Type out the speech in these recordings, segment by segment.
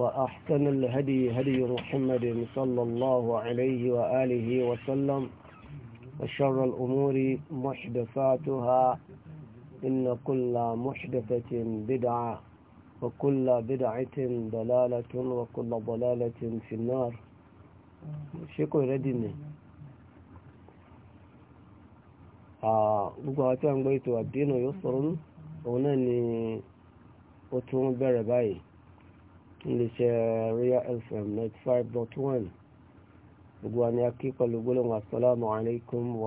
وأحسن الهدي هدي محمد صلى الله عليه وآله وسلم وشر الأمور محدثاتها إن كل محدثة بدعة وكل بدعة ضلالة وكل ضلالة في النار شكو ردني gbogbo àti àwọn ètò àdínà yóò sọ̀rọ̀ ni ó tún bẹ̀rẹ̀ báyìí iléeṣẹ́ royal fm ninety five dot one gbogbo wa ni a kí pẹ̀lú gbólóhùn asalaamu wa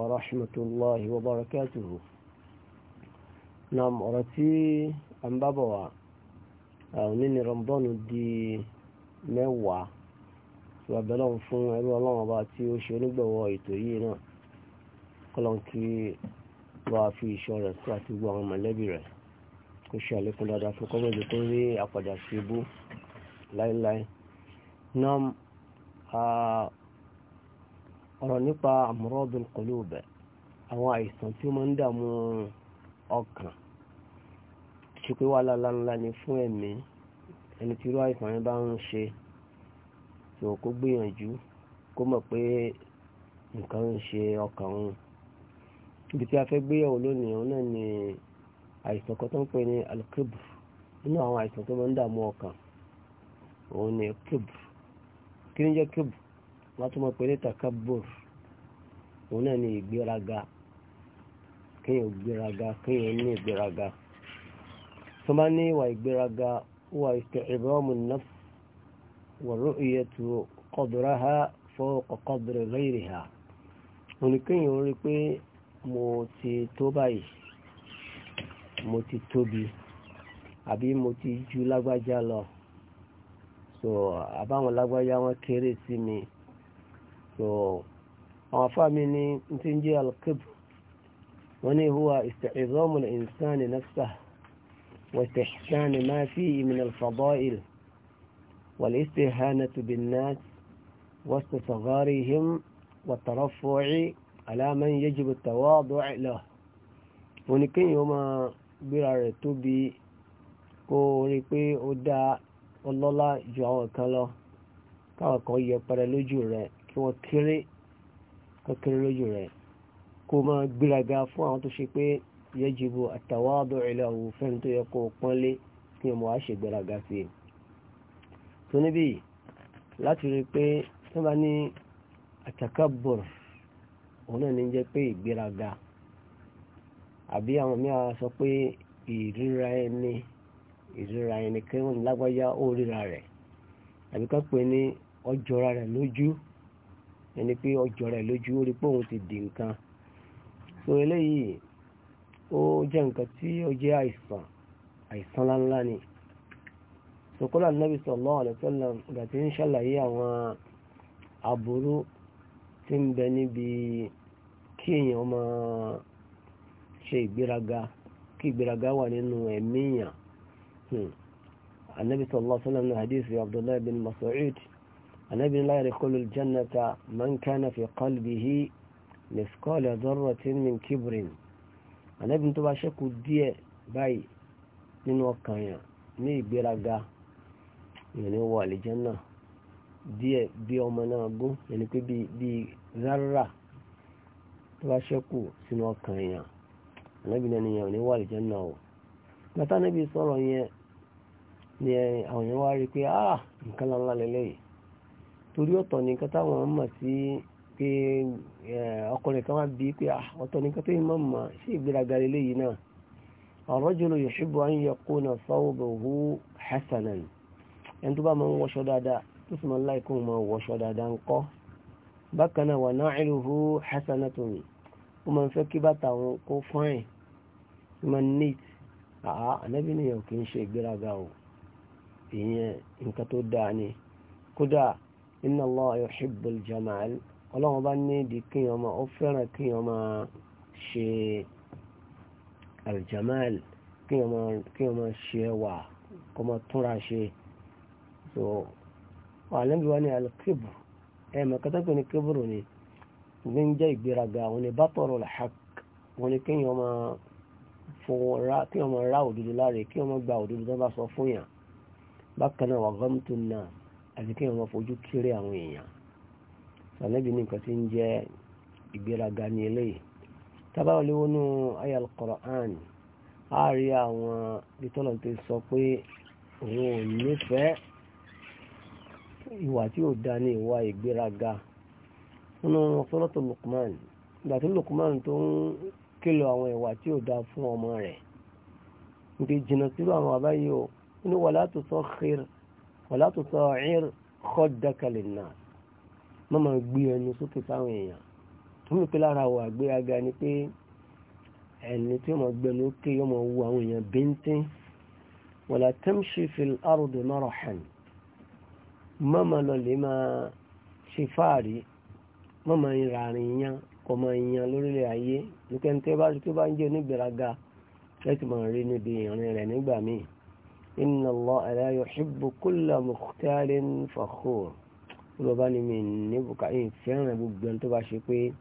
rahmatulahi wa barakatuhu na na tí a ń bábọ̀ di mewa tí wàá bẹ̀rẹ̀ òun fún ẹrú ọlọ́run ọba tí ó ṣe onígbọ̀wọ́ ètò yìí fi ìṣọ́ rẹ̀ sí àti gbogbo àwọn mọ̀lẹ́bí láíláí náà ọ̀rọ̀ nípa amradul qulub àwọn àìsàn tí ó máa ń dààmú ọkàn ṣe pé wà lálálá ni fún ẹ̀mí ẹni tí irú àìsàn yẹn bá ń ṣe tó kó gbìyànjú kó mọ̀ pé nǹkan ń ṣe ọkàn òun ibi tí a fẹ́ gbéyàwó lónìí òun náà ni àìsàn kan tó ń pè ní alkebù nínú àwọn àìsàn tó máa ń dààmú ọkàn òun ni kíbù kí ni jẹ́ kíbù wọ́n tún mọ̀ pé òun náà ni ìgbéraga kéèyàn gbéraga kéèyàn ní ìgbéraga tó bá ní ìwà ìgbéraga wà isti'zamun nafs wa ru'yatu qadraha fawqa qadri ghayriha òun kéèyàn rí pé mo ti tó báyìí mo ti tóbi àbí mo ti ju lágbájá lọ so àbáwọn lágbájá wọn kéré sí mi so àwọn afáàmì ní ti ń jẹ́ alkib wọ́n ní huwa isti'zamu al-insani nafsahu واستحسان ما فيه من الفضائل والاستهانة بالناس واستصغارهم والترفع على من يجب التواضع له oníkéyìn ó máa gbéra rẹ̀ tóbi kó rí pé ó dáa ọlọ́lá ju àwọn kan lọ káwọn kan yẹpẹrẹ lójú rẹ kí wọ́n kéré kan kéré lójú rẹ kó máa gbéraga fún àwọn tó ṣe pé yajibu àtàwádọ́ ilẹ̀ òwò fẹ́ni tó yẹ kó pọ́nlé kí ọmọ wa ṣe gbéraga sí i. tó níbí láti rí i pé tó bá ní àtàkàbùr òun náà ní jẹ́ pé ìgbéraga àbí àwọn mìíràn sọ pé ìríra ẹni. ìríra ẹni kí wọ́n lágbájá ó ríra rẹ̀ àbí ká pè ní ọjọ́ra rẹ̀ lójú ẹni pé ọjọ́ra rẹ̀ lójú ó rí ti di nǹkan so eléyìí ó jẹ́ nǹkan tí ó jẹ́ àìsàn àìsàn láńlá ni sọkọ́lá nàbì sallallahu alaihi ìgbà tí ń ṣàlàyé àwọn aburú tí ń bẹ níbi kí èèyàn máa ṣe ìgbéraga kí ìgbéraga النبي صلى الله عليه وسلم من حديث عبد الله بن مسعود النبي لا يدخل الجنة من كان في قلبه مثقال ذرة من كبر النبي tó bá ṣẹ́kù díẹ̀ báyìí nínú ọkàn yẹn ní ìgbéraga yẹn ni wọ àlìjánà díẹ̀ bí ọmọ náà gún yẹn ni pé bí rárá tó bá ṣẹ́kù sínú ọkàn yẹn ànábì náà nìyẹn ò ní o gbàtà níbi sọ̀rọ̀ yẹn ni àwọn èèyàn wá rí pé ah nǹkan lọ́la lélẹ́yìí torí ọ̀tọ̀ ni nǹkan táwọn mọ̀ sí pé ọkùnrin kan wá bí pé ah, ọ̀tọ̀ ni nǹkan tó yìí mọ̀ mọ̀ sí ìgbéraga lélẹ́yìí náà ar-rajulu yuhibbu an yakuna thawbuhu hasanan ẹni tó bá máa ń wọṣọ dáadáa tó sì máa ń láìkó máa wọṣọ dáadáa ń kọ́ bákan náà wa na'iluhu hasanatun ó máa ń fẹ́ kí bàtà òun kó fáìn ó máa ń ní àá ànábìnrin yẹn kì í ṣe ìgbéraga o ìyẹn nǹkan tó dáa ni kódà inna Allah yuhibbul jamal ọlọ́run bá ní ìdí kíyàn máa ó fẹ́ràn kíyàn máa ṣe aljamal kíyàn máa ṣe ẹwà kó máa túnra ṣe so àlẹ́bí wa ní alkibru ẹ mọ̀kátà pé ní kibru ni ní ń jẹ́ ìgbéraga àwọn ni batarul haqq kíyàn máa fọwọ́ ra kíyàn máa ra òdodo láre kíyàn máa gba òdodo tó bá sọ fún yàn bákan náà wà gọ́mùtún náà àti kí wọ́n fojú kéré àwọn èèyàn sànẹ́bí ní nǹkan tí ń jẹ́ ìgbéraga ní eléyìí tábà wọlé wọnú àyá al-Qur'an á rí àwọn ìtọ́nà tó sọ pé òun ò nífẹ̀ẹ́ ìwà tí ò dá ní ìwà ìgbéraga nínú ọ̀sọ́lọ́tò Luqman ìgbà tí Luqman tó ń kìlọ̀ àwọn ìwà tí ò dá fún ọmọ rẹ̀ nítorí jìnnà sílùú àwọn àbáyé o ní wàlá tó sọ xir wàlá tó sọ ẹ̀ẹ́r kọ́dàkàlẹ̀ náà má máa gbé ẹnu sókè fáwọn èèyàn tó mi pé lára wà gbé aga ni pé ẹni tí wọ́n gbé ẹnu ókè yóò máa wo àwọn èèyàn bíntín wàlá tamshi fil ardi marahan má máa lọ lè máa ṣe fáàrí má máa ń ràrin yán kọ́ máa yan lórílẹ̀ ayé nípa ẹni tí bá ń jẹ́ onígbèraga ẹ̀ ti máa rí níbi ìrìn rẹ̀ nígbà míì inna Allaha la yuhibbu kulla mukhtalin fakhur olùbá ni mi ní bùkà yìí fẹ́ràn gbogbo ẹni tó bá ṣe pé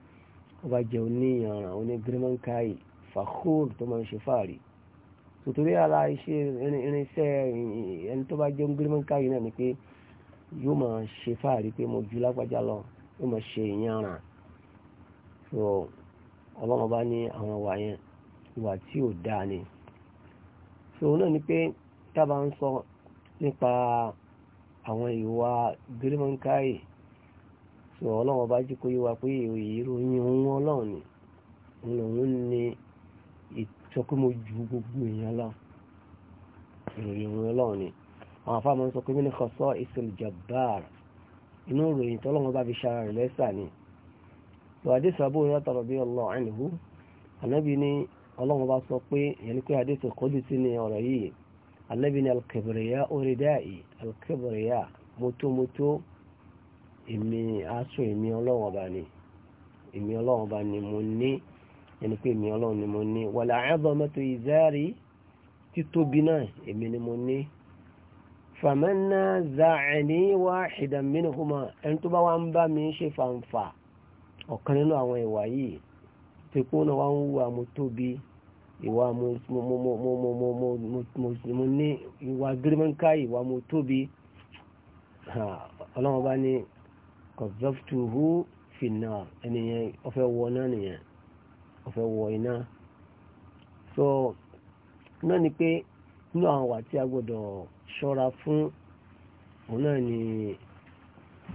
ó bá jẹ́ oníyanràn onígírímọ́ǹkáì fakhur tó máa ń ṣe fáàrí tòtòrí ara iṣẹ́ irinṣẹ́ ẹni tó bá jẹ́ onígírímọ́ǹkáì náà ni pé yóò máa ṣe fáàrí pé mo ju lágbájá lọ yóò máa ṣe ìyanràn so ọlọ́mọba ní àwọn ìwà ìwà tí ò dáa ni so náà ni pé tábà ń sọ nípa àwọn ìwà gírímọ̀nkáì tí ọlọ́wọ́ bá jí kó yí pé ìròyìn ohun ọlọ́run ni òun ni ìtọ́kùnmọ̀ ju gbogbo èèyàn lọ ìròyìn ohun ọlọ́run ni àwọn afáàmọ́ sọ pé mílíkọ̀ sọ ìsìlìjàbáàrà inú ìròyìn tọ́lọ́wọ́ bá fi ṣara rẹ̀ lẹ́sà ni lọ́wọ́dé sábò ní ọ̀tọ̀rọ̀ bí ọlọ́ àìníhù ànábì ni ọlọ́wọ́ bá sọ pé ìyẹn ni pé adé tó kọjú sí Ànábì ní alkebreya oridai alkebreya mótómótó èmi aṣọ èmi ọlọ́wọ́n ọba ni èmi ọlọ́wọ́n ọba ni mo ní ẹni pé èmi ọlọ́wọ́n ni mo ní wàlà àádọ́mẹ́tò ìzárí títóbi náà èmi ni mo ní fàmẹ́nà zàáni wá ìdàmínìkùmọ̀ ẹni tó bá wá ń bá mi ṣe fàǹfà ọ̀kan nínú àwọn ìwà yìí tí kó náà wá ń ìwà mo mo mo mo mo mo mo mo mo mo ní ìwà gírímọ́ńká ìwà mo tóbi ọlọ́run bá ní kọ̀zọ́fùtùhù fìnà ẹnìyẹn ọ̀fẹ́ wọ náà nìyẹn ọ̀fẹ́ wọ iná so náà ni pé nínú àwọn wà tí a gbọ́dọ̀ ṣọ́ra fún òun náà ni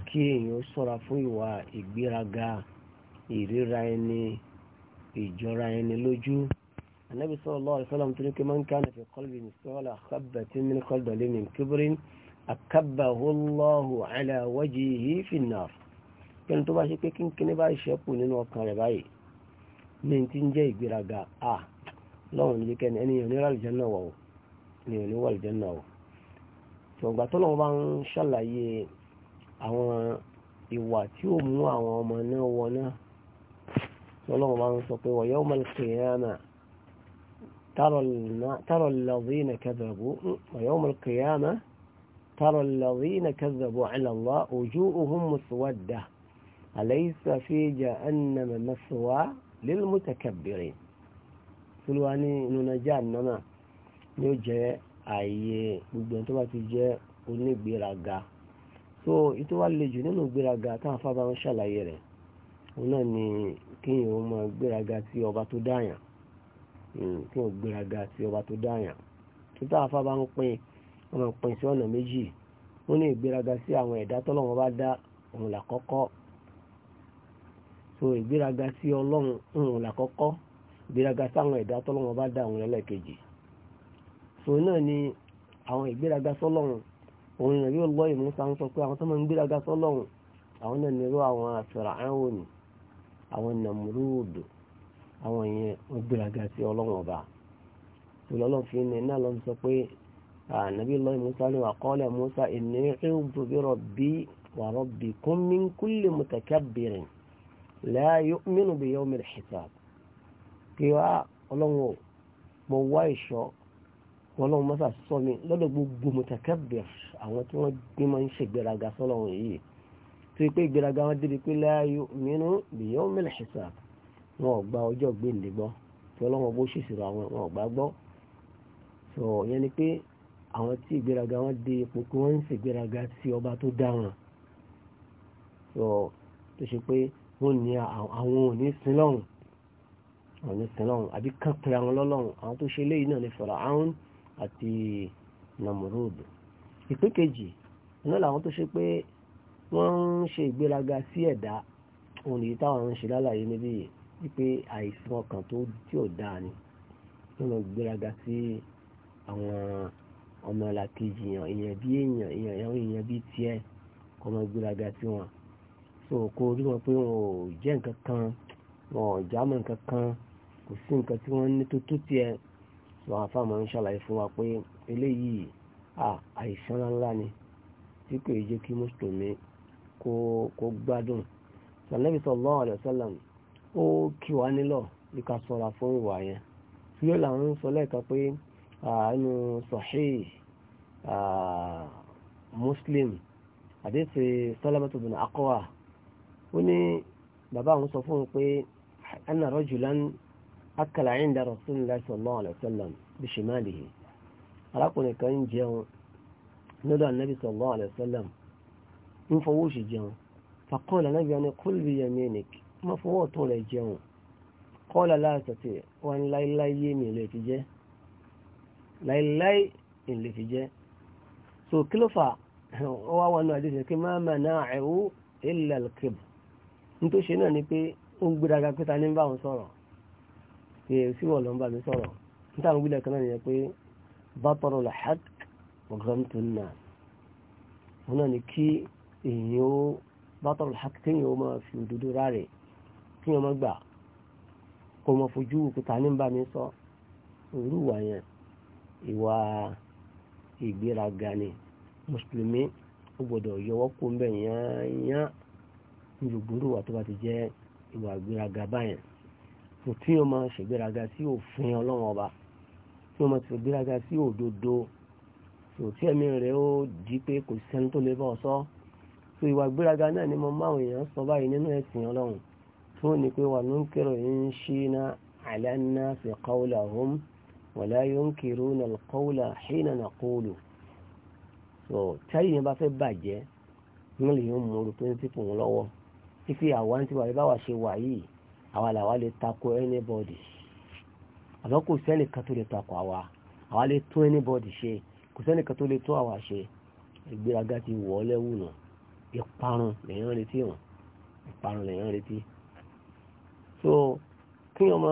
kí èèyàn ṣọ́ra fún ìwà ìgbéraga ìríra ẹni ìjọra ẹni lójú. النبي صلى الله عليه وسلم تلك من كان في قلبه مثقال خبة من خردل من كبر أكبه الله على وجهه في النار kẹni tó bá ṣe pé kínkínní bá ṣẹ́kù nínú ọkàn rẹ̀ báyìí ní ti ń jẹ́ ìgbéraga a lọ́run níbi kẹ́ni ẹni ìrìn àlùjẹ́ náà wọ̀ ní ìrìn wọ̀ àlùjẹ́ náà wọ̀ ṣọ̀gbà tó lọ́wọ́ bá ń ṣàlàyé àwọn ìwà tí ó mú àwọn ọmọ náà wọ náà tó lọ́wọ́ bá ń sọ pé wa yawmal qiyamah ترى الذين كذبوا ويوم القيامة ترى الذين كذبوا على الله وجوههم مسودة أليس في جهنم مثوى للمتكبرين سلواني ننجا نما نجا أي بدون تبا تجا onígbéraga so ìtò wá le jù nínú gbéraga táwọn afábá ń ṣàlàyé rẹ̀ òun náà ni kéèyàn ó máa gbéraga sí ọba tó dáyàn Mm. kí wọ́n gbéraga sí ọba tó dáyàn títà afá bá ń pín wọ́n máa pín sí ọ̀nà méjì wọ́n ní ìgbéraga sí àwọn ẹ̀dá tọ́lọ́wọ́n bá dá òun làkọ́kọ́ so ìgbéraga sí ọlọ́run òun làkọ́kọ́ ìgbéraga sáwọn ẹ̀dá tọ́lọ́wọ́n bá dá òun lẹ́lẹ́kejì so náà ni àwọn ìgbéraga sọ́lọ́run òun ìrìn yóò lọ ìmúta ń sọ pé àwọn tó máa ń gbéraga sọ́lọ́run àwọn náà nírú àwọn àṣàrà àwọn òní àwọn nàmúrúdù àwọn yẹn wọ́n gbéraga sí ọlọ́run ọba tòlọ́lọ́ fi ní náà lọ́n sọ pé ànábì lọ́yìn musa ní wàkọ́lẹ̀ musa inni a'udhu bi rabbi wa rabbikum min kulli mutakabbirin la yu'minu bi yawmil hisab kí wá ọlọ́run ò mọ wá ìṣọ́ ọlọ́run mọ́sà sọ mi lọ́dọ̀ gbogbo mutakabbir àwọn tí wọ́n gbé máa ń ṣègbéraga sọ́lọ́run yìí tó yẹ pé ìgbéraga wọn débi pé la yu'minu bi yawmil hisab wọn ò gba ọjọ́ gbèǹde gbọ́ tí ọlọ́wọ́n bó ṣèṣirò àwọn wọn ò gbà gbọ́ sọ yẹn ni pé àwọn tí ìgbéraga wọn dé ipò pé wọ́n ń ṣègbéraga sí ọba tó dá wọn sọ tó ṣe pé wọ́n ní àwọn ò ní sin lọ́hùn àwọn ò ní sin lọ́hùn àbí kàn pé àwọn lọ́lọ́hùn àwọn tó ṣe léyìí náà ní Fáráò àti Nàmúrúdù ìpín kejì náà làwọn tó ṣe pé wọ́n ń ṣe ìgbéraga sí ẹ̀dá òun èyí táwọn ń ṣe lálàyé níbí yìí wípé àìsàn ọkàn tó tí ò dáa ni wọn lọ gbéraga sí àwọn ọmọlàkejì yàn èèyàn bí èèyàn èèyàn èèyàn bí tiẹ̀ kọ́ mọ gbéraga sí wọn so kó rí wọn pé wọn ò jẹ́ nǹkan kan wọn ò jámọ́ nǹkan kan kò sí nǹkan tí wọ́n ní tó tó tiẹ̀ so àwọn afáàmọ́ ń ṣàlàyé fún wa pé eléyìí àìsàn ńlá ni tí kò yẹ kí mùsùlùmí kó gbádùn sàlẹ́bí sallallahu alaihi wasallam ó kì wá nílọ̀ ìka sọ̀ra fún ìwà yẹn tí yóò là ń sọ lẹ́ẹ̀kan pé àánú sahih muslim àdéhùn sálámàtò bin akọ́wà ó ní bàbá àwọn sọ fún un pé anna rajulan akala inda rasulillahi sallallahu alaihi wasallam bi shimalihi arákùnrin kan ń jẹun lọ́dọ̀ ànábì sallallahu alaihi ń fọwọ́ òṣì jẹun faqala ànábì wọn ni kúlù yaminik má fọwọ́ ọ̀tún rẹ̀ jẹun kọ́lá láàtàtì wọn láíláyé mi lè fi jẹ́ láíláyé mi lè fi jẹ́ so kí ló fà ọ wá wọnú na kí má má náà ẹ̀wú ilẹ̀ kébù náà ni pé ó ń gbéraga pé ta ní bá wọn sọ̀rọ̀ pé sí wọ́n ló ń bá mi sọ̀rọ̀ níta àwọn ìgbìlẹ̀ kan náà nìyẹn pé kí wọ́n má gbà kó mọ fojú òkúta ní bá mi sọ òru wà yẹn ìwà ìgbéraga ni mùsùlùmí ó gbọ́dọ̀ yọwọ́ kó ń bẹ̀ yányá ní gbogbo wà tó bá ti jẹ́ ìwà ìgbéraga báyẹn kò tí wọ́n máa ṣègbéraga sí òfin ọlọ́run ọba tí wọ́n máa ṣègbéraga sí òdodo kò tí ẹ̀mí rẹ̀ ó di pé kò sẹ́ni tó lè bọ́ ọ sọ so ìwà ìgbéraga náà ni mo máa ń èèyàn sọ báyìí nínú ẹ̀sìn ọlọ́run tó ní pé wà nunkiru in shina ala nnasi qawlahum wala yunkiruna alqawla hina naqulu so táyì yẹn bá fẹ́ bàjẹ́ wọn lè yàn mú orí píríncípù wọn lọ́wọ́ títí àwa ń tiwa ìbáwà ṣe wà yìí àwa làwa lè tako anybody àbọ̀ kò sẹ́nìkan tó lè tako àwa àwa lè tún anybody ṣe kò sẹ́nìkan tó lè tún àwa ṣe ìgbéraga ti wọ̀ ọ́ lẹ́wù nù ìparun lèyàn retí hàn ìparun lèyàn retí so kí ọmọ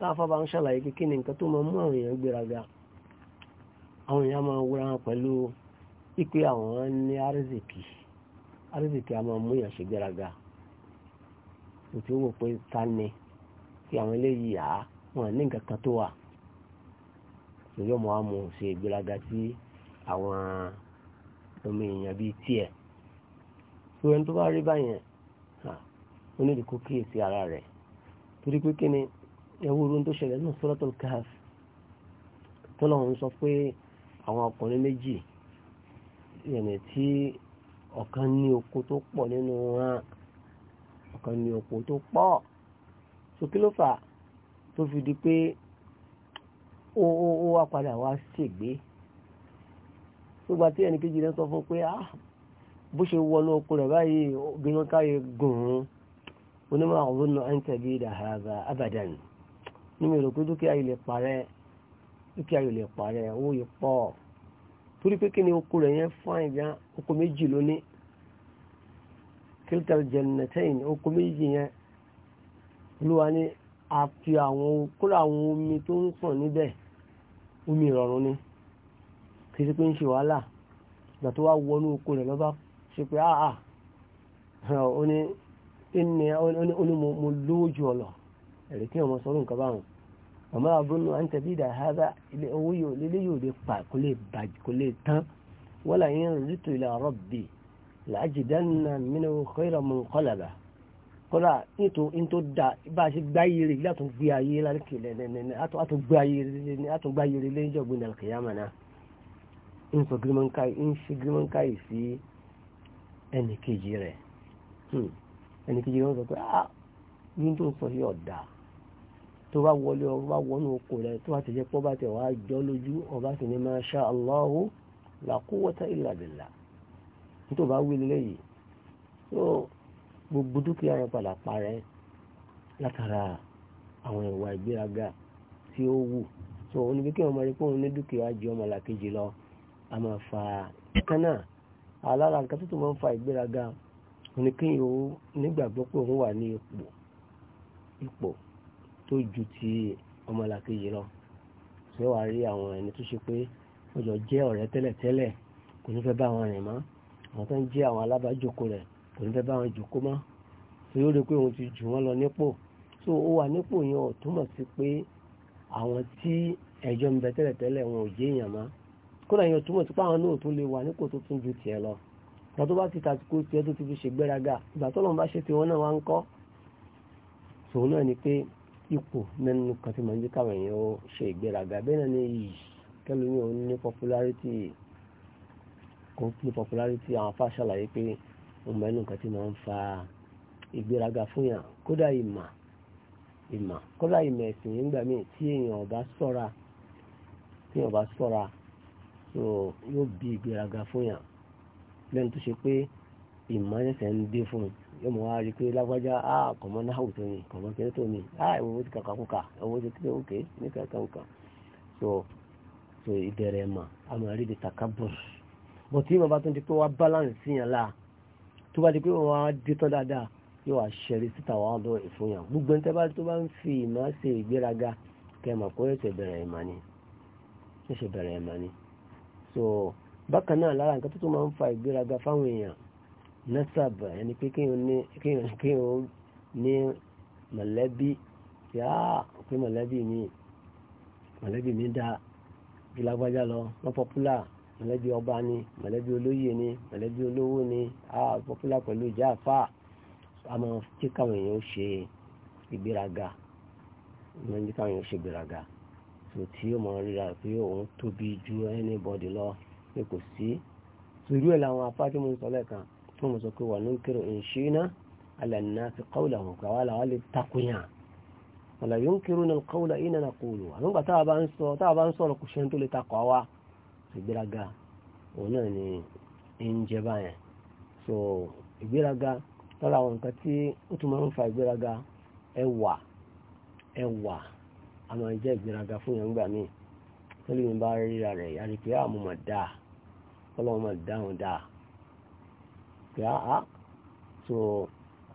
táfà bá ń ṣàlàyé pé kí ni nǹkan tó máa mú àwọn èèyàn gbéraga àwọn èèyàn máa wúra wọn pẹ̀lú ipe àwọn ní arzikì arzikì a máa mú èèyàn ṣe gbéraga kò tí ó wò pé ta ni kí àwọn eléyìí à wọn ní nǹkan kan tó wà ìjọ mọ àmọ ṣe ìgbéraga sí àwọn ọmọ èèyàn bíi tiẹ̀ tó ẹni tó bá rí báyẹn ó ní ìdíkó kíyèsí ara rẹ̀ torí pé kí ni ẹwú orun tó ṣẹlẹ̀ nínú Suratul Kahf tọ́lọ́run sọ pé àwọn ọkùnrin méjì yẹnì tí ọ̀kan ní oko tó pọ̀ nínú wọn ọ̀kan ní oko tó pọ̀ so kí ló fà tó fi di pé ó ó ó wá padà wá ṣègbé nígbà tí ẹnì kejì rẹ sọ fún pé ah bó ṣe wọnú oko rẹ̀ báyìí obìnrin káyé gùn ún onímọ̀ àwọn ọ̀nà àǹtẹ̀bí ìdàhàbà abadan nínú èrò pé dúkìá yìí lè parẹ́ dúkìá yìí lè parẹ́ owó yìí pọ̀ torí pé kí ni oko rẹ̀ yẹn fún àyà oko méjì lónìí kílítàl jẹnẹtẹ́yìn oko méjì yẹn olúwa ní àfi àwọn kúrò àwọn omi tó ń sàn níbẹ̀ omi ìrọ̀rùn ni kì í ṣe pé ń ṣe wàhálà ẹni olùmọ̀lójú ọ̀lọ̀ ẹ̀rẹ̀ kí ọmọ sọ́rọ̀ nǹkan báwọn ọmọ abúlé à ń tẹ̀bí ìdá hábà ilé owó yóò lélé yóò lè pa kó lè bà kó lè tán wọ́n là yín rìtò ila rabbi làájìdánná minhu khayran munqalaba kọ́lá ètò ètò da bá a ṣe gbá yìí rè látún gbé ayé lálẹ́kẹ̀ lẹ́nẹ́nẹ́ àtún gbá ayé rè àtún gbá ayé lẹ́yìn ọ̀gbìn al-qiyamah ń sọ gírímọ̀ ń káyì sí ẹnì kejì rẹ̀. Hmm ẹni kejì wọn sọ pé ah ní tó ń sọ yìí ọ̀dà tó bá wọlé ọ bá wọnú oko rẹ tó bá ti jẹ pọ́ bá tẹ̀ wá jọ lójú ọba sì ni masha Allahu la quwwata illa billah nítorí bá wí léyìí tó gbogbo dúkìá yẹn padà parẹ́ látara àwọn ìwà ìgbéraga tí ó wù so oníbi kí wọn máa rí pé òun ní dúkìá ju ọmọ làkejì lọ a máa fa ẹ̀kan náà alára nǹkan tó tó máa ń fa ìgbéraga ní kí yóò nígbàgbọ́ pé òun wà ní ipò ipò tó ju ti ọmọlàkejì lọ tí wàá rí àwọn ẹni tó ṣe pé wọ́n jẹ́ ọ̀rẹ́ tẹ́lẹ̀tẹ́lẹ̀ kò ní fẹ́ bá wọn rìn mọ́ àwọn tó ń jẹ́ àwọn alábàájòkó rẹ̀ kò ní fẹ́ bá wọn jòkó mọ́ tí ó rí pé òun ti jù wọ́n lọ nípò so ó wà nípò yẹn ò túmọ̀ sí pé àwọn tí ẹjọ́ ń bẹ tẹ́lẹ̀tẹ́lẹ̀ wọn ò jẹ́ èèyàn mọ́ kódà ìgbà tó bá ti tàsíkò tiẹ̀ tó ti fi ṣègbéraga ìgbà tó lọ́n bá ṣe tiwọn náà wá ń kọ́ sòun náà ni pé ipò nínú kan tí màá ń jẹ́ káwọn èèyàn ó ṣe ìgbéraga bẹ́ẹ̀ náà ni yìí kẹlòmí ò ní popularity kò ní popularity àwọn afá ṣàlàyé pé mo mọ ẹnu nǹkan tí màá ń fa ìgbéraga fún yàn kódà ìmà ìmà kódà ìmà ẹ̀sìn nígbà míì tí èèyàn bá ṣọ́ra tí èèyàn bá ṣọ́ra lẹ́nu tó ṣe pé ìmọ̀ ẹsẹ̀ ń dé fún un yóò mọ̀ wá rí i pé lágbájá á kọ̀mọ́ náà tó ní kọ̀mọ́ kẹrẹ́ tó ní á ìwọ ti kàkà kúkà owó ti kéré òkè ní kàkà kúkà so so ìbẹ̀rẹ̀ mà á máa rí ibi takabur bọ̀ tí màá bá tún di pé wá balance yàn la tó bá di pé wọ́n á dé tán dáadáa yóò wá ṣẹ̀rí síta wàá lọ ìfúnyàn gbogbo ní tẹ́bá tó bá ń fi ìmọ̀ ṣe ìgbéraga kẹ́ mọ̀ kó ẹ̀ṣẹ̀ bẹ̀rẹ̀ ìmọ̀ ni ẹ̀ṣẹ̀ bẹ̀rẹ̀ ìmọ̀ ni so bákan náà lára nǹkan tó tún máa ń fa ìgbéraga fáwọn èèyàn nẹ́sàbà ẹni pé kéèyàn ní mọ̀lẹ́bí yá pé mọ̀lẹ́bí mi mọ̀lẹ́bí mi dáa ju lágbájá lọ wọ́n pọ́pùlà mọ̀lẹ́bí ọba ni mọ̀lẹ́bí olóyè ni mọ̀lẹ́bí olówó ni a pọ́pùlà pẹ̀lú ìjà àfà a máa tí káwọn èèyàn ó ṣe ìgbéraga máa ń tí káwọn èèyàn ó ṣe ìgbéraga tó tí ó mọ̀ rírà pé òun tóbi ju anybody lọ pé kò sí sùúrù ẹ̀ làwọn afájú mú sọ lẹ́ẹ̀kan tó mú sọ pé wà ní kírò ìṣínà alànà ti kọ́wùlà wọn kà wà lè takunyà wọn là kírò náà kọ́wùlà iná na kòòlù àlùgbà táwa bá ń sọ táwa bá ìgbéraga ni ń so ìgbéraga lára àwọn nǹkan tí ó tún máa ń fa ìgbéraga ẹwà ẹwà a máa jẹ́ fún yẹn míì tó lè ní bá ríra rẹ̀ yára pé àmọ́ ah, dáa kọ́lọ́wọ́ máa dáhùn dáa pé áá tó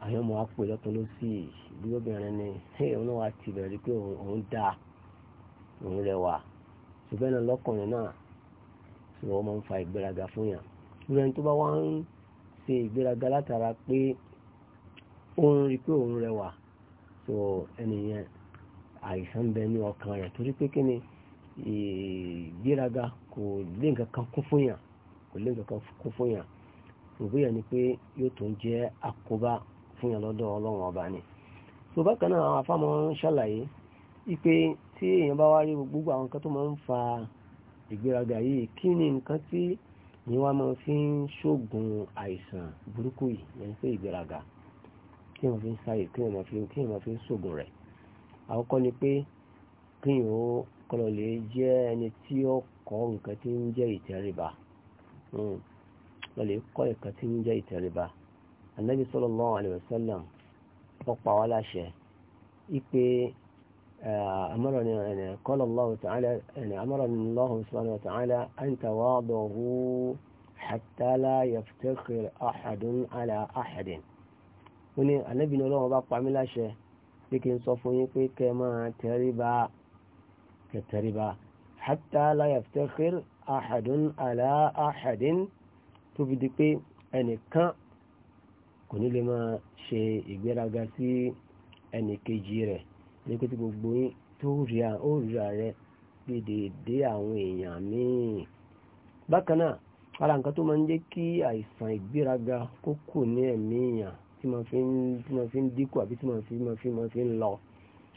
àwọn ọmọ apè lọ́tún ló sì bí obìnrin ni òun náà wá ti bẹ̀rẹ̀ pé òun dáa òun rẹwà ṣùgbọ́n lọ́kùnrin náà tí wọ́n máa ń fa ìgbéraga fún yàn ìgbéra tó bá wá ń ṣe ìgbéraga látara pé òun rí pé òun rẹwà tó ẹnìyẹn àìsàn bẹ ní ọkàn rẹ̀ torí pé kí ni ìgbéraga kò lè nǹkan kan kún fún yàn kò lè nǹkan kó fún yàn rògbòyàn ni pé yóò tún jẹ́ àkóbá fún yàn lọ́dọ̀ ọlọ́run ọba ni tó bákan náà àwọn afámọ́ ń ṣàlàyé wípé tí èèyàn bá wá rí gbogbo àwọn nǹkan tó máa ń fa ìgbéraga yìí kí ni nǹkan tí ni wọ́n máa fi ń ṣògùn àìsàn burúkú yìí yẹn pé ìgbéraga kí wọ́n fi ń sáyè kí wọ́n fi kí wọ́n fi ń ṣògùn rẹ̀ àkọ́kọ́ ni pé kí wọ́n kọlọ̀ lè jẹ́ ẹni tí ó kọ́ nǹkan tí ń jẹ́ ìtẹríba lọ hmm. lè kọ́ ẹ̀kọ́ tí ń jẹ́ ìtẹríba anabi sallallahu alaihi wasallam ọ̀pá wa láṣẹ ipe أمرني يعني قال الله تعالى يعني أمرني الله سبحانه وتعالى أن تواضعوا حتى لا يفتخر أحد على أحد ó ní ànábì náà lọ́wọ́ bá pa mí láṣẹ pé kí n sọ fún yín pé kẹ máa hatta la yaftakhir ahadun ala ahadin tó fi di pé ẹnìkan kò ní lè máa ṣe ìgbéraga sí ẹnìkejì rẹ̀ ní pé tí gbogbo yín tó rí àárẹ̀ rẹ̀ bí dèédé àwọn èèyàn míì bákan náà ara nǹkan tó máa ń jẹ́ kí àìsàn ìgbéraga kó kù ní ẹ̀mí èèyàn tí máa fi tí máa fi ń dínkù àbí tí máa fi máa fi máa fi ń lọ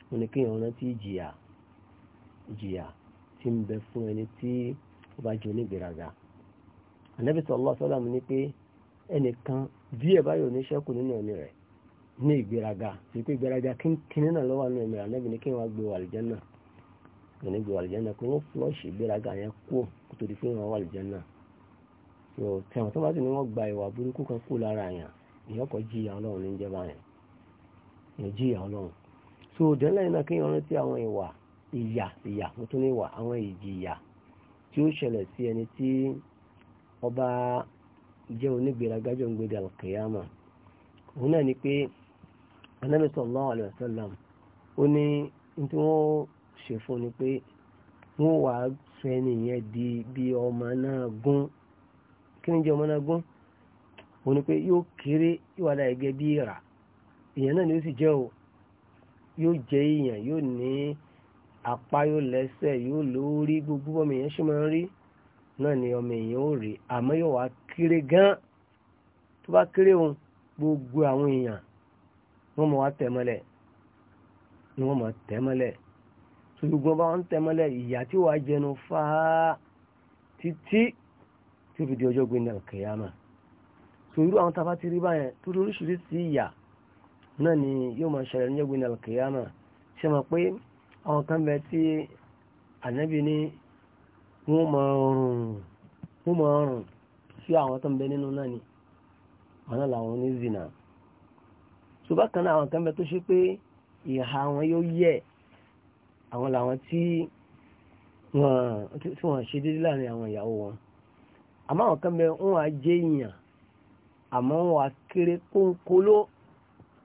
wọn ni kéèyàn rántí ìjìyà ìjìyà tí ń bẹ fún ẹni tí. Tí ó bá jẹ́ onígbèraga ànábì sallallahu alaihi wasallam ní pé ẹnìkan bí ẹ̀ báyọ̀ ní ṣẹ́kù nínú ẹ̀mí rẹ̀ ní ìgbéraga sí pé ìgbéraga kíní náà lọ́wọ́ nínú ẹ̀mí rẹ̀ ànábì ní kí wọ́n gbé wàlìjánà ẹni gbé wàlìjánà pé wọ́n flush ìgbéraga yẹn kú kó tó di pé wọ́n wàlìjánà tẹ̀wọ̀n tó bá sì ní wọ́n gba ìwà burúkú kan kú lára yẹn ìyọ́kọ̀ tí ó ṣẹlẹ̀ sí ẹni tí ọba jẹ́ onígbèragájọ́ ń gbèdè alkiyama òun náà ni pé Ànábì sallallahu alaihi ó ní tí wọ́n ṣe fún ni pé wọ́n wà fẹ́ nìyẹn di bí ọmọ náà gún kí ni jẹ́ ọmọ náà gún òun ni pé yóò kéré yóò wádà gẹ́gẹ́ bí apá yóò lẹ́sẹ̀ yóò lórí gbogbo ọmọ èèyàn ṣe máa ń rí náà ni ọmọ èèyàn ò rí àmọ́ yóò wá kéré gan tó bá kéré òun gbogbo àwọn èèyàn wọ́n mọ̀ wá tẹ̀mọ́lẹ̀ ni wọ́n mọ̀ tẹ̀mọ́lẹ̀ tó gbogbo bá wọn tẹ̀mọ́lẹ̀ ìyà tí wàá jẹnu fáá títí tí ó fi di ọjọ́ gbẹ̀ndẹ̀ kẹyàmà tó irú àwọn tàbá ti rí báyẹn tó lóríṣiríṣi ìyà náà ni yóò máa ṣẹlẹ̀ ní ọjọ́ gbẹ̀ndẹ̀ kẹyàmà ṣe mọ̀ pé àwọn kan bẹ tí ànábì ní wọ́n máa rùn wọ́n máa rùn sí àwọn tó ń bẹ nínú náà ni àwọn náà làwọn ní zina ṣùgbọ́n kan náà àwọn kan bẹ tó ṣe pé ìhà wọn yóò yẹ àwọn làwọn tí wọ́n ṣe dédé láàrin àwọn ìyàwó wọn àmọ́ àwọn kan bẹ wọ́n wá jẹ́ èèyàn àmọ́ wọ́n kéré kónkóló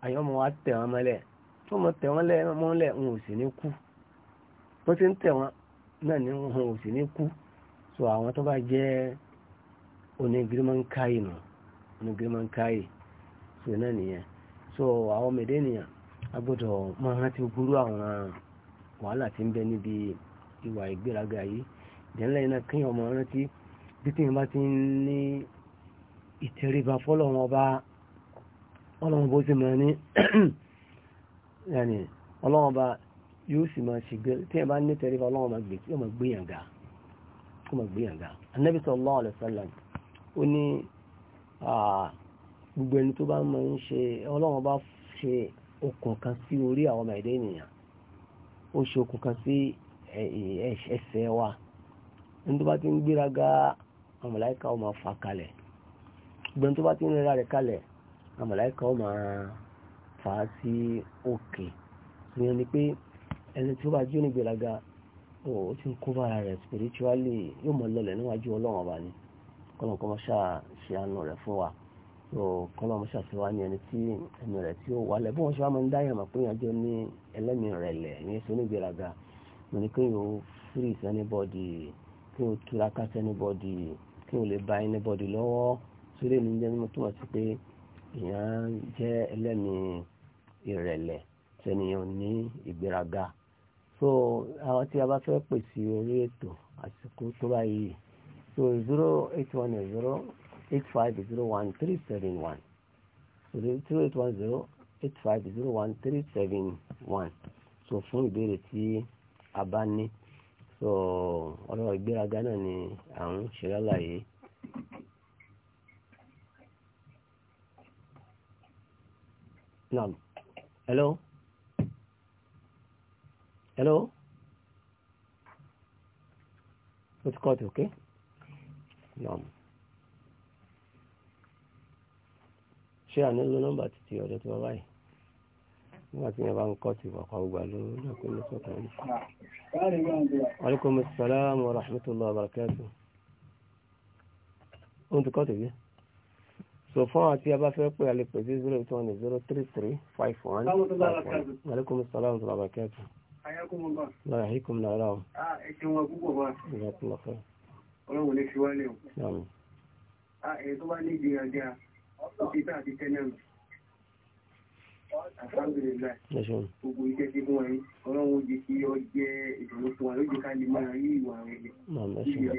àyọ́mọ̀ wá tẹ̀ mọ́lẹ̀ tó mọ̀ tẹ̀ wọ́n lẹ̀ wọ́n ò sì ní kú wọ́n ti ń tẹ̀ wọ́n náà ní wọn ò sì ní kú so àwọn tó bá jẹ́ onígírímọ̀nkáyì so náà nìyẹn so àwọn mẹ̀dẹ́ nìyẹn a máa rántí gbúrú àwọn wàhálà tí ń bẹ níbi ìwà ìgbéraga yìí ìdẹ́nlẹ̀ iná kíyàn ọmọ rántí bí tí wọ́n bá ti ní fọ́lọ́wọ́n ọba ọlọ́wọ́n bó ti mọ̀ ní ọlọ́wọ́n yóò sì máa ṣe gbé tí ẹ bá ní tẹríba ọlọ́run máa gbé yóò máa gbé yàn ga yóò máa gbé yàn ga anabi sallallahu alaihi wasallam ó ní gbogbo ẹni tó bá máa ń ṣe ọlọ́run bá ṣe okùn kan sí orí àwọn ọmọ ẹ̀dá ènìyàn ó ṣe okùn kan sí ẹsẹ̀ wa ẹni tó bá ti ń gbéraga àmàláìka ó máa fà kalẹ̀ gbogbo ẹni tó bá ti ń rẹ́ra rẹ̀ kalẹ̀ àmàláìka ó máa fà á sí òkè ìyẹn ni pé ẹni tí ó bá jí onígbèlaga ó ti ń kó bára rẹ̀ spiritually yóò mọ̀ lọlẹ̀ níwájú ọlọ́run ọba ni kọ́nà kọ́ mọ́ṣá ṣe àánú rẹ̀ fún wa tó kọ́nà mọ́ṣá ṣe wá ní ẹni tí ẹni rẹ̀ tí ó wà lẹ̀ bí wọ́n ṣe wá máa ń dáyà mà pé ìyànjọ́ ní ẹlẹ́mìí rẹ̀ lẹ̀ ní ẹsẹ̀ onígbèlaga mo ní kéèyàn ó free sí anybody kéèyàn ó túraká sí anybody kéèyàn ó lè ba anybody lọ́wọ́ sílẹ̀ ní jẹ́ mímọ́ túmọ̀ sí pé èèyàn jẹ́ ẹlẹ́mìí ìrẹ̀lẹ̀ tẹ́niyàn ní ìgbéraga so àwọn tí a bá fẹ́ pè sí orí ètò àsìkò tó báyìí so zero eight one zero eight five zero one three seven one so zero eight one zero eight five zero one three seven one so fún ìbéèrè tí a bá ní so ọ̀rọ̀ ìgbéraga náà ni à ń ṣe lálàyé. Hello hello ó ti kọ́ọ̀tù òkè nam ṣé ànílò nọ́mbà títí ọ̀dọ̀ tí wọ́n báyìí nígbà tí yẹn bá ń kọ́ ti wàkọ̀ ọgbà ló lọ́pẹ́ ní sọ́kàn ní. aleykum salaam wa rahmatulah wa barakatu. ó ń ti kọ́ tèmi. so fún àti a bá fẹ́ pé a lè pè sí zero eight one zero three three five one. aleykum salaam wa rahmatulah wa barakatu. Láàrínkùn lára ọ̀. Ẹ̀kẹ́ wọn púpọ̀ bá. Ìrọ̀pùlọ̀fẹ́. Ọlọ́run ní fi wálé ọ̀. Ẹ̀yẹ tó bá ní ìgbìyànjá, ó ti tàà ti tẹ́lẹ̀ mọ̀. Alhamdulillah. Gbogbo iṣẹ́ tí fún wáyé, ọlọ́run jẹ́ kí ọ jẹ́ ìdùnnú fún wa ló jẹ́ ká lè máa rí ìwà rẹ̀. Ẹ̀ṣùn.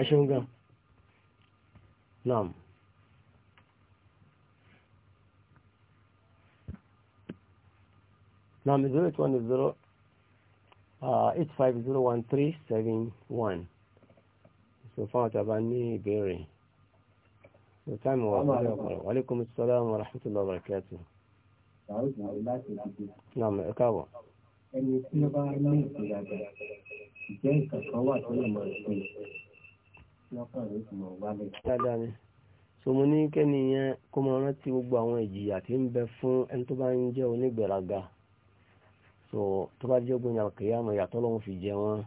Ẹ̀ṣùn gan. Naam. Number 0810 uh, 8501371. So, fáwọn tàbá ní ìbéèrè. So, time wa ọ̀rọ̀ ọ̀pọ̀lọ̀. Wa alaikum salaam wa rahmatullahi wa barakatuh. Náà mẹ́ káàbọ̀. Ẹni tí ó bá ní ìgbéraga, ìjẹ́ nǹkan kan wà tó lè mọ̀ sí lọ́kàn rẹ̀ tó mọ̀ kó máa rántí gbogbo àwọn ìjìyà tí ń bẹ fún ẹni tó bá ń jẹ́ onígbéraga so tó bá jẹ́ ogun ní àkèyàmọ̀ ìyàtọ̀ lọ́wọ́ fi jẹ wọ́n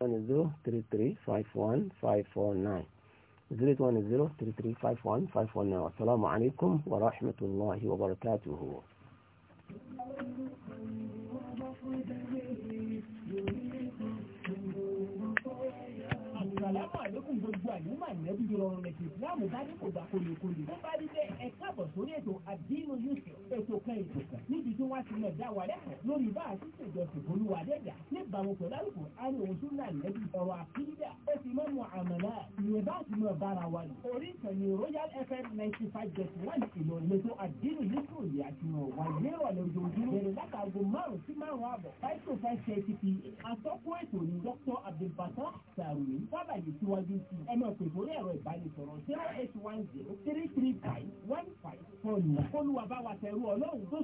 tani zero three three five one five four nine zero eight one zero three three five one five four nine asalaamualeykum wa rahmatulahi wa barakatuhu. àlùkò gbogbo àyùmọ̀ ìnẹ́bí rọrùn ẹ̀sìn ìsìlámù bá ní kò bá kólékólé. bá wa tẹ̀rù ọlọ́run tó